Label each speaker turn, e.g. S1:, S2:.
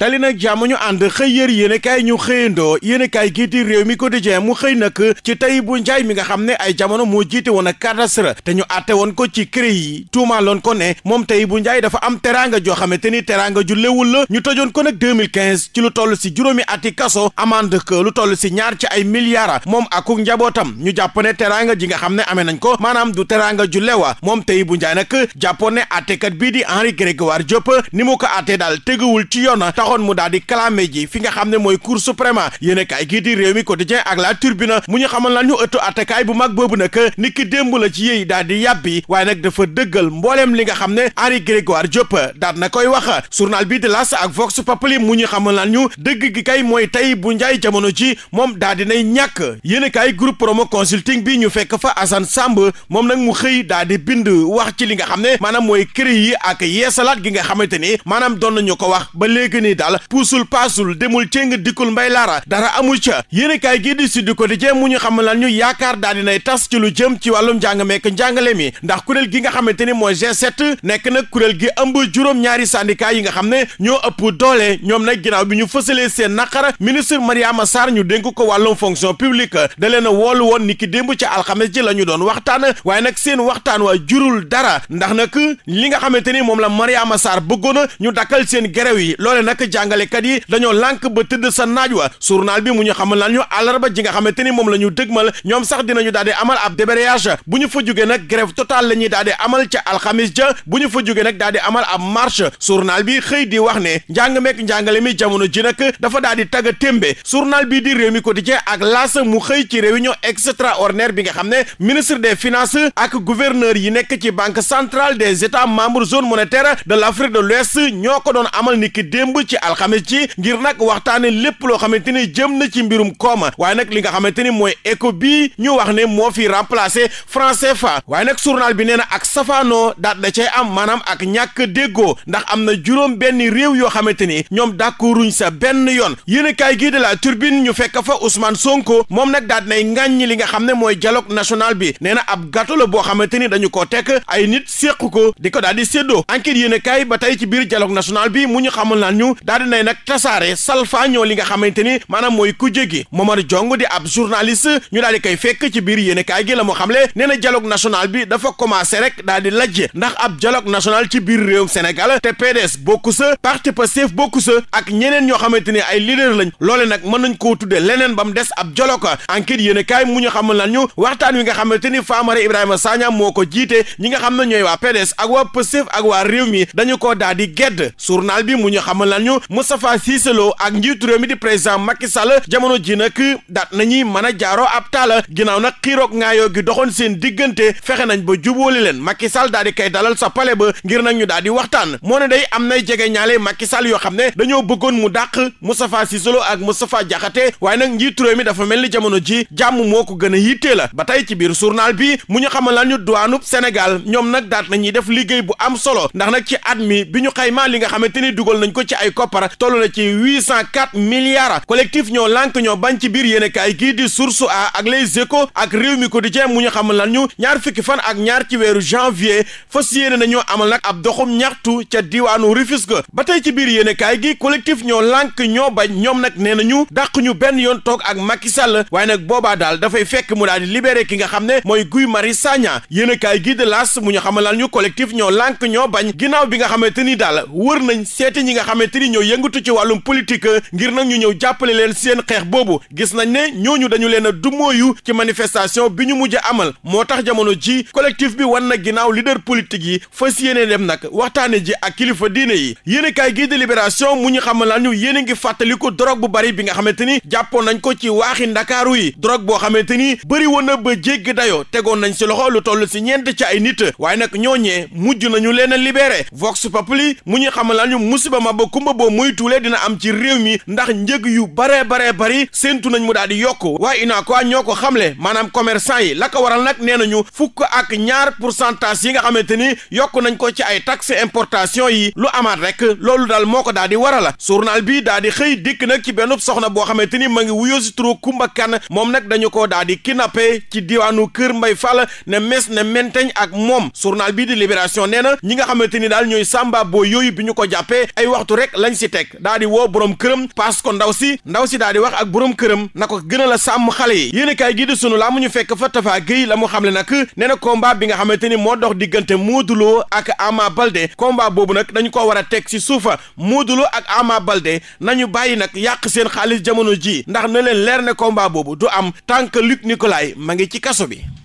S1: tali nag jàmm ñu ànd xëy yër yéen kaay ñu xëyandoo yéen kaay gii di réew mi quotidien mu xëy nag ci tey bu njaay mi nga xam ne ay jamono moo jiite woon ak cadastre te ñu àtte woon ko ci cré yi tuumaaloon ko ne moom tey bu njaay dafa am teraanga joo xamante ni teraanga ju léwul la ñu tojoon ko nag 2015 ci lu toll si juróomi ati kaso amande ko lu toll si ñaar ci ay milliards moom akuk njabootam ñu jàpp ne teraanga ji nga xam ne amee nañ ko maanaam du teraanga ju lewa moom tey bu njaay nag ne àttekat bii di Henri Grégoire Diop ni mu ko àttee daal teguwul ci yoon taxoon mu daal di clamé ji fi nga xam ne mooy cour suprême yéen a kaay gii di réew mi quotidien ak la turbine mu ñu xamal lan ñu ëttu attakaay bu mag boobu nag ni ki démb la ci yéey daal di yàbbi waaye nag dafa dëggal mbooleem li nga xam ne Henri Grégoire Diop daad na koy wax journal bii de L'As ak Vox Populi mu ñu xamal lan ñu dëgg gi kay mooy tey bu njaay jamono ji moom daal dinay ñàkk yéen a kaay groupe promo consulting ñu fekk fa Assane Samb moom nag mu xëy daal di bind wax ci li nga xam ne maanaam mooy kër yi ak yeesalaat gi nga xamante ni maanaam doon nañu ko wax ba léegi ni daal puusul paasul demul cëng dikkul mbay laara dara amul ca yéen kaay gii di Sud Quotidien mu ñu xamal lan ñu yaakaar daal dinay tas ci ci wàllum njàng meek ndax kuréel gi nga xamante ni mooy G7 nekk nag kuréel gi ëmb juróom-ñaari syndicat yi nga xam ne ñoo ëpp doole ñoom na ginnaaw bi ñu fësalee seen naqar ministre Mariama Sarr ñu dénk ko wàllum fonction publique da leen a woolu woon ni ki démb ci ji la ñu doon waxtaan waaye nag seen waxtaan waa jurul dara ndax nag li nga xamante ni moom la Mariama Sarr bëggoona ñu dakkal seen gerew yi jàngalekat yi dañoo lànk ba tëdd sa naaj wa journal bi mu ñu xamal lan ñu àllarba ji nga xamante ni moom la ñu dëgmal ñoom sax dinañu daal di amal ab débrayage bu ñu fa jógee nag grève totale la ñuy daal di amal ca alxamis ja bu ñu fa jógee nag amal ab marche journal bi xëy di wax ne njàng meek njàngale mi jamono ji nag dafa daal di tagga témbe journal bi di réew mi quotidien ak laas mu xëy ci réunion nga xam ne ministre des finances ak yi nekk ci banque centrale des de l'Afrique de l'Ouest ñoo ko ci alxames ci ngir nag waxtaane lépp loo xamante ni jëm na ci mbirum kooma waaye nag li nga xamante ni mooy éco bii ñu wax ne moo fi remplacé franc CFA waaye nag journal bi nee na ak safaanoo daat da cay am maanaam ak ñàkk déggoo ndax am na juróom benn réew yoo xamante ni ñoom d'accorduñ sa benn yoon yéen a kaay gii la turbine ñu fekk fa Ousmane Sonko moom nag daat nay ŋàññi li nga xam ne mooy dialogue national bi nee na ab gâteau la boo xamante ni dañu ko tekk ay nit séq ko di ko daal di séddoo enquête yéen a ba tey ci biir dialogue national bi mu ñu xamal naan ñu daal di nay nag tasaare salfaañoo li nga xamante ni maanaam mooy ku jégi Momar Jong di ab journaliste ñu daal di koy fekk ci biir yéenekaay gi la moo xam le nee na dialogue national bi dafa commencé rek daal di lajj ndax ab dialogue national ci biir réewum Sénégal te PDS bokku sa parti Pastef bokku sa ak ñeneen ñoo xamante ni ay leader lañ loole nag mën nañ koo tudde leneen ba mu des ab dialogue enquête yéenekaay mu ñu xamal lan ñu waxtaan wi nga xamante ni Famara Ibrahima Sagna moo ko jiite ñi nga xam ne ñooy waa PDS ak waa Pastef ak waa réew mi dañu ko daal di gedd journal bi mu ñu xamal lan ñu loolu Moustapha Cissé Lo ak njiitu réew mi di président Macky Sall jamono ji nag daat nañuy mën a jaaroo ab taala ginnaaw nag xiiroog ngaayoo gi doxoon seen diggante fexe nañ ba jubóoli leen Macky Sall daal di kay dalal sa palais ba ngir nag ñu daal di waxtaan moo ne day am nay jege ñaale Macky Sall yoo xam ne dañoo bëggoon mu dàq Moustapha Cissé Lo ak Moustapha Diakhaté waaye nag njiitu réew mi dafa mel ni jamono ji jàmm moo ko gën a yittee la ba tey ci biir journal bi mu ñu xamal lan ñu duwaanub Sénégal ñoom nag daat nañuy def liggéey bu am solo ndax nag ci ni dugal nañ ko koppar toll na ci 804 milliards collectif ñoo lànk ñoo bañ ci biir yéen kaay gii di source a ak les échos ak réew mi quotidien mu ñu xamal ñu ñaar fukki fan ak ñaar ci weeru janvier fas na nañoo amal nag ab doxum ñaxtu ca diwaanu rifis ba tey ci biir yéen kaay gi collectif ñoo lànk ñoo bañ ñoom nag nee na ñu dàq ñu benn yoon toog ak Macky Sall waaye nag boobaa daal dafay fekk mu daal di libéré ki nga xam ne mooy Guy Marius Sagna yéen kaay gi de las mu ñu xamal lan ñu collectif ñoo lànk ñoo bañ bi nga xamante ni daal wër nañ seeti ñi nga xamante ni ni ñoo yëngatu ci wàllum politique ngir nag ñu ñëw jàppale leen seen xeex boobu gis nañ ne ñooñu dañu leen a dumóoyu ci manifestation bi ñu mujj amal moo tax jamono ji collectif bi wan na ginnaaw leader politique yi fas yéene dem nag waxtaane ji ak kilifa diine yi yéen kaay gii di libération mu ñu xamal la ñu yéen a ngi fàttaliku drogue bu bari bi nga xamante ni jàppoon nañ ko ci waaxi ndakaaru yi drogue boo xamante ni bëri woon na ba jéggi dayoo tegoon nañ si loxo lu toll si ñeent ci ay nit waaye nag ñooñee mujj a libéré vox boo moytuwulee dina am ci réew mi ndax njëg yu baree baree bari séentu nañ mu daal di waa waaye UNACOIS ñoo xam xamle maanaam commerçant yi la waral nag nee nañu fukk ak ñaar pourcentage yi nga xamante ni yokk nañ ko ci ay taxe importation yi lu amaat rek loolu daal moo ko daal di waral journal bi daal di xëy dikk nag ci benn soxna boo xamante ni ma ngi wuyoo si turu Kumba Kan moom nag dañu ko daal di kidnappé ci diwaanu Kër Mbay Fall ne mes na menteñ ak moom journal bi di Libération nee na ñi nga xamante ni daal ñooy sàmba yooyu bi ñu ko jàppee ay waxtu dañu si teg daa di woo borom këram paas ko ndaw si ndaw si daa di wax ak borom këram na ko gën a la sàmm xale yi yéen kaay gii sunu laa mu ñu fekk fa Tafa Gueye la mu xamle nag nee na combat bi nga xamante ni moo dox diggante Modou Lo ak Ama Balde combat boobu nag dañu ko war a teg si suufa Modou Lo ak Ama Balde nañu bàyyi nag yàq seen xaalis jamono ji ndax na leer ne combat boobu du am tant que Luc Nicolaï ma ngi ci kaso bi